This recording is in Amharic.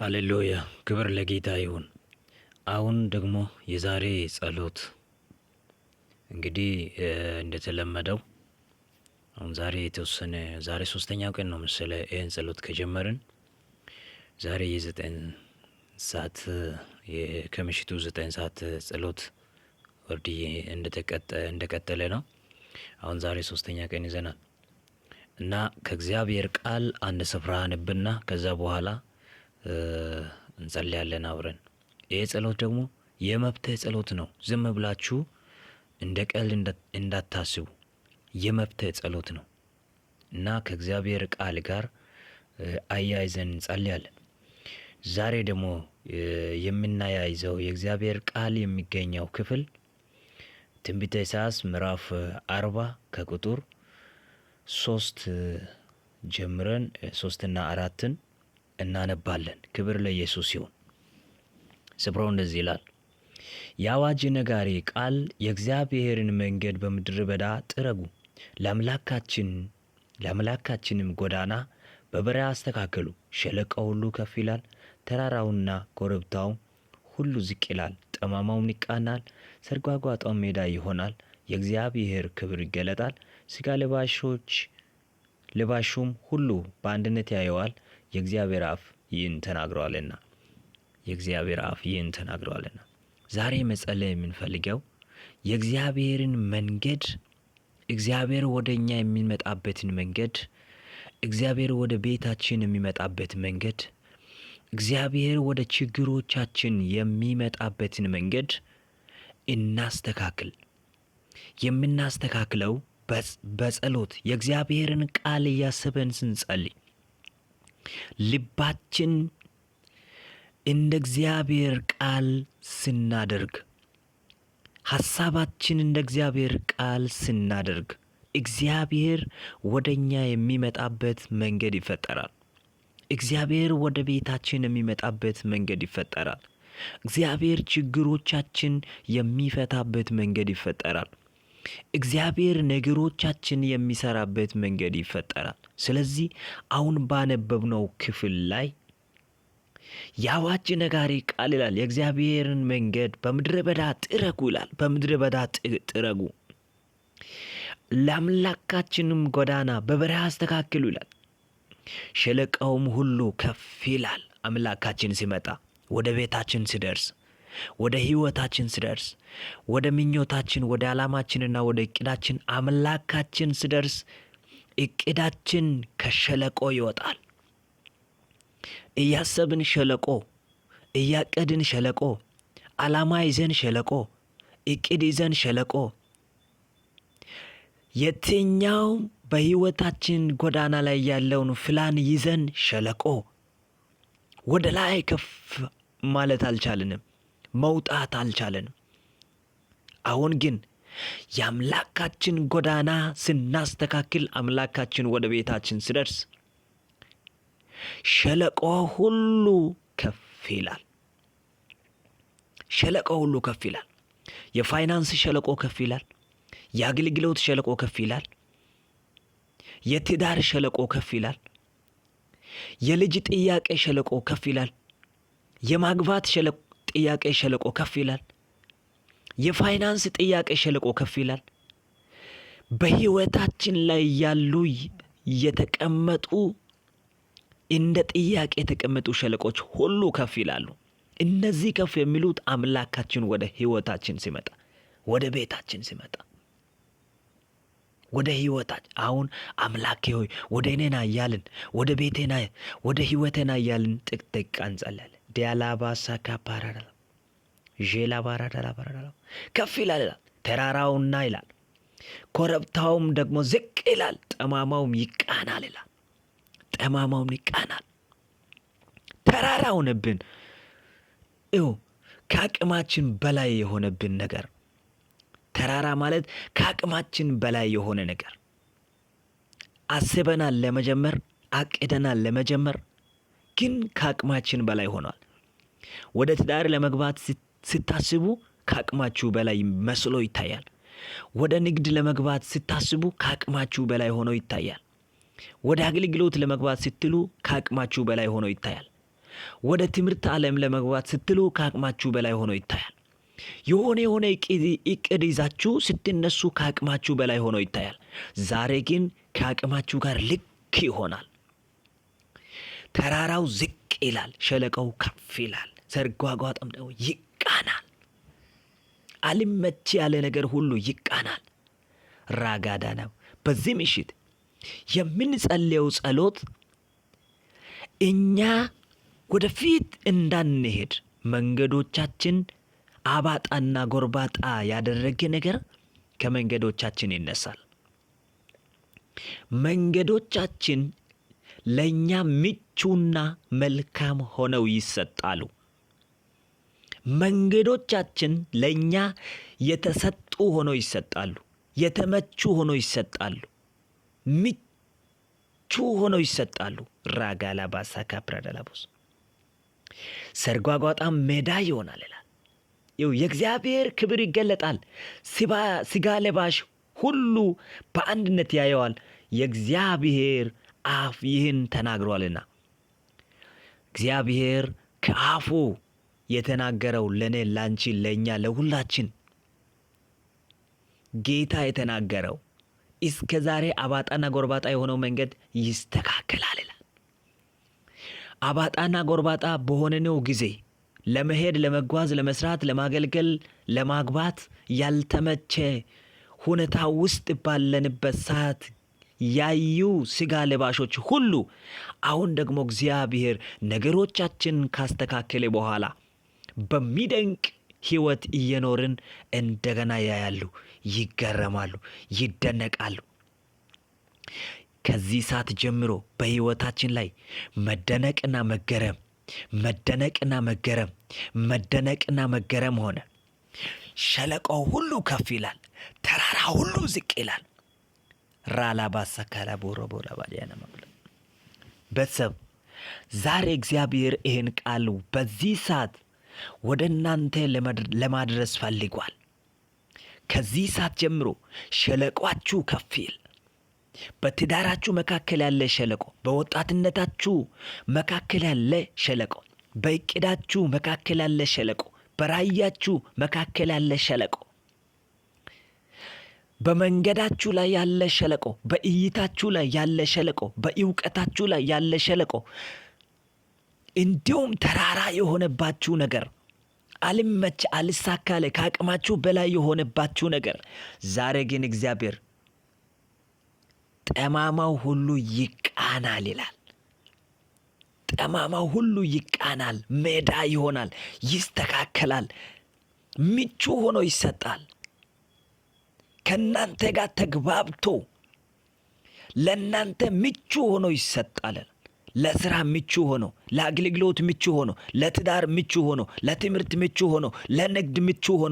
ሃሌሉያ ክብር ለጌታ ይሁን። አሁን ደግሞ የዛሬ ጸሎት እንግዲህ እንደተለመደው አሁን ዛሬ የተወሰነ ዛሬ ሶስተኛ ቀን ነው መሰለ ይህን ጸሎት ከጀመርን ዛሬ የዘጠኝ ሰዓት ከምሽቱ ዘጠኝ ሰዓት ጸሎት ወርድ እንደቀጠለ ነው። አሁን ዛሬ ሶስተኛ ቀን ይዘናል እና ከእግዚአብሔር ቃል አንድ ስፍራ አንብና ከዛ በኋላ እንጸልያለን አብረን። ይህ ጸሎት ደግሞ የመብትህ ጸሎት ነው። ዝም ብላችሁ እንደ ቀልድ እንዳታስቡ፣ የመብትህ ጸሎት ነው እና ከእግዚአብሔር ቃል ጋር አያይዘን እንጸልያለን። ዛሬ ደግሞ የምናያይዘው የእግዚአብሔር ቃል የሚገኘው ክፍል ትንቢተ ኢሳያስ ምዕራፍ አርባ ከቁጥር ሶስት ጀምረን ሶስትና አራትን እናነባለን። ክብር ለኢየሱስ ይሁን። ስፍራው እንደዚህ ይላል፣ የአዋጅ ነጋሪ ቃል የእግዚአብሔርን መንገድ በምድር በዳ ጥረጉ፣ ለአምላካችን ለአምላካችንም ጎዳና በበረሃ አስተካከሉ። ሸለቃው ሁሉ ከፍ ይላል፣ ተራራውና ኮረብታው ሁሉ ዝቅ ይላል። ጠማማውም ይቃናል፣ ሰርጓጓጣው ሜዳ ይሆናል። የእግዚአብሔር ክብር ይገለጣል፣ ስጋ ለባሾች ልባሹም ሁሉ በአንድነት ያየዋል። የእግዚአብሔር አፍ ይህን ተናግረዋልና የእግዚአብሔር አፍ ይህን ተናግረዋልና ዛሬ መጸለይ የምንፈልገው የእግዚአብሔርን መንገድ እግዚአብሔር ወደ እኛ የሚመጣበትን መንገድ እግዚአብሔር ወደ ቤታችን የሚመጣበት መንገድ እግዚአብሔር ወደ ችግሮቻችን የሚመጣበትን መንገድ እናስተካክል። የምናስተካክለው በጸሎት የእግዚአብሔርን ቃል እያሰበን ስንጸልይ ልባችን እንደ እግዚአብሔር ቃል ስናደርግ ሐሳባችን እንደ እግዚአብሔር ቃል ስናደርግ እግዚአብሔር ወደ እኛ የሚመጣበት መንገድ ይፈጠራል። እግዚአብሔር ወደ ቤታችን የሚመጣበት መንገድ ይፈጠራል። እግዚአብሔር ችግሮቻችን የሚፈታበት መንገድ ይፈጠራል። እግዚአብሔር ነገሮቻችን የሚሰራበት መንገድ ይፈጠራል። ስለዚህ አሁን ባነበብነው ክፍል ላይ የአዋጅ ነጋሪ ቃል ይላል የእግዚአብሔርን መንገድ በምድረ በዳ ጥረጉ ይላል። በምድረ በዳ ጥረጉ፣ ለአምላካችንም ጎዳና በበረሃ አስተካክሉ ይላል። ሸለቃውም ሁሉ ከፍ ይላል። አምላካችን ሲመጣ ወደ ቤታችን ሲደርስ ወደ ህይወታችን ስደርስ፣ ወደ ምኞታችን፣ ወደ ዓላማችንና ወደ እቅዳችን አምላካችን ስደርስ እቅዳችን ከሸለቆ ይወጣል። እያሰብን ሸለቆ፣ እያቀድን ሸለቆ፣ ዓላማ ይዘን ሸለቆ፣ እቅድ ይዘን ሸለቆ የትኛው በህይወታችን ጎዳና ላይ ያለውን ፍላን ይዘን ሸለቆ ወደ ላይ ከፍ ማለት አልቻልንም። መውጣት አልቻለንም። አሁን ግን የአምላካችን ጎዳና ስናስተካክል አምላካችን ወደ ቤታችን ስደርስ ሸለቆ ሁሉ ከፍ ይላል። ሸለቆ ሁሉ ከፍ ይላል። የፋይናንስ ሸለቆ ከፍ ይላል። የአገልግሎት ሸለቆ ከፍ ይላል። የትዳር ሸለቆ ከፍ ይላል። የልጅ ጥያቄ ሸለቆ ከፍ ይላል። የማግባት ጥያቄ ሸለቆ ከፍ ይላል። የፋይናንስ ጥያቄ ሸለቆ ከፍ ይላል። በህይወታችን ላይ ያሉ የተቀመጡ እንደ ጥያቄ የተቀመጡ ሸለቆች ሁሉ ከፍ ይላሉ። እነዚህ ከፍ የሚሉት አምላካችን ወደ ህይወታችን ሲመጣ፣ ወደ ቤታችን ሲመጣ፣ ወደ ህይወታችን አሁን አምላኬ ሆይ ወደ እኔና እያልን ወደ ቤቴና ወደ ህይወቴና እያልን ጥቅጥቅ አንጸለል ዲያላባሳ ካፓራራል ዤላ ባራ ዳላ ከፍ ይላል ይላል ተራራውና ይላል ኮረብታውም ደግሞ ዝቅ ይላል፣ ጠማማውም ይቃናል ይላል። ጠማማውም ይቃናል። ተራራ ሆነብን። ከአቅማችን በላይ የሆነብን ነገር ተራራ ማለት ከአቅማችን በላይ የሆነ ነገር አስበናል ለመጀመር አቅደናል ለመጀመር ግን ከአቅማችን በላይ ሆኗል። ወደ ትዳር ለመግባት ስታስቡ ከአቅማችሁ በላይ መስሎ ይታያል። ወደ ንግድ ለመግባት ስታስቡ ከአቅማችሁ በላይ ሆኖ ይታያል። ወደ አገልግሎት ለመግባት ስትሉ ከአቅማችሁ በላይ ሆኖ ይታያል። ወደ ትምህርት ዓለም ለመግባት ስትሉ ከአቅማችሁ በላይ ሆኖ ይታያል። የሆነ የሆነ እቅድ ይዛችሁ ስትነሱ ከአቅማችሁ በላይ ሆኖ ይታያል። ዛሬ ግን ከአቅማችሁ ጋር ልክ ይሆናል። ተራራው ዝቅ ይላል፣ ሸለቆው ከፍ ይላል። ሰርጓጓ ጠምደው አልመች ያለ ነገር ሁሉ ይቃናል። ራጋዳ ነው። በዚህ ምሽት የምንጸልየው ጸሎት እኛ ወደፊት እንዳንሄድ መንገዶቻችን አባጣና ጎርባጣ ያደረገ ነገር ከመንገዶቻችን ይነሳል። መንገዶቻችን ለእኛ ምቹና መልካም ሆነው ይሰጣሉ። መንገዶቻችን ለእኛ የተሰጡ ሆኖ ይሰጣሉ። የተመቹ ሆኖ ይሰጣሉ። ምቹ ሆኖ ይሰጣሉ። ራጋላባሳ ካፕራዳላቦስ ሰርጓጓጣም ሜዳ ይሆናል ይላል። ይው የእግዚአብሔር ክብር ይገለጣል። ስጋ ለባሽ ሁሉ በአንድነት ያየዋል። የእግዚአብሔር አፍ ይህን ተናግሯልና እግዚአብሔር ከአፉ የተናገረው ለእኔ፣ ላንቺ፣ ለእኛ፣ ለሁላችን ጌታ የተናገረው እስከ ዛሬ አባጣና ጎርባጣ የሆነው መንገድ ይስተካከላል ይላል። አባጣና ጎርባጣ በሆነነው ጊዜ ለመሄድ፣ ለመጓዝ፣ ለመስራት፣ ለማገልገል፣ ለማግባት ያልተመቸ ሁኔታ ውስጥ ባለንበት ሰዓት ያዩ ስጋ ለባሾች ሁሉ አሁን ደግሞ እግዚአብሔር ነገሮቻችን ካስተካከለ በኋላ በሚደንቅ ህይወት እየኖርን እንደገና ያያሉ፣ ይገረማሉ፣ ይደነቃሉ። ከዚህ ሰዓት ጀምሮ በህይወታችን ላይ መደነቅና መገረም መደነቅና መገረም መደነቅና መገረም ሆነ። ሸለቆ ሁሉ ከፍ ይላል፣ ተራራ ሁሉ ዝቅ ይላል። ቦላ ካላቦሮ መብለ ቤተሰብ ዛሬ እግዚአብሔር ይህን ቃል በዚህ ሰዓት ወደ እናንተ ለማድረስ ፈልጓል። ከዚህ ሰዓት ጀምሮ ሸለቋችሁ ከፍ ይል። በትዳራችሁ መካከል ያለ ሸለቆ፣ በወጣትነታችሁ መካከል ያለ ሸለቆ፣ በእቅዳችሁ መካከል ያለ ሸለቆ፣ በራያችሁ መካከል ያለ ሸለቆ፣ በመንገዳችሁ ላይ ያለ ሸለቆ፣ በእይታችሁ ላይ ያለ ሸለቆ፣ በእውቀታችሁ ላይ ያለ ሸለቆ እንዲሁም ተራራ የሆነባችሁ ነገር አልመች አልሳካለ ከአቅማችሁ በላይ የሆነባችሁ ነገር ዛሬ ግን እግዚአብሔር ጠማማው ሁሉ ይቃናል ይላል። ጠማማው ሁሉ ይቃናል፣ ሜዳ ይሆናል፣ ይስተካከላል፣ ምቹ ሆኖ ይሰጣል። ከእናንተ ጋር ተግባብቶ ለእናንተ ምቹ ሆኖ ይሰጣል። ለስራ ምቹ ሆኖ፣ ለአገልግሎት ምቹ ሆኖ፣ ለትዳር ምቹ ሆኖ፣ ለትምህርት ምቹ ሆኖ፣ ለንግድ ምቹ ሆኖ